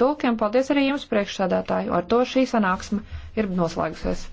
tulkiem. Paldies arī jums priekšsādātāju. Ar to šī sanāksme ir noslēgusies.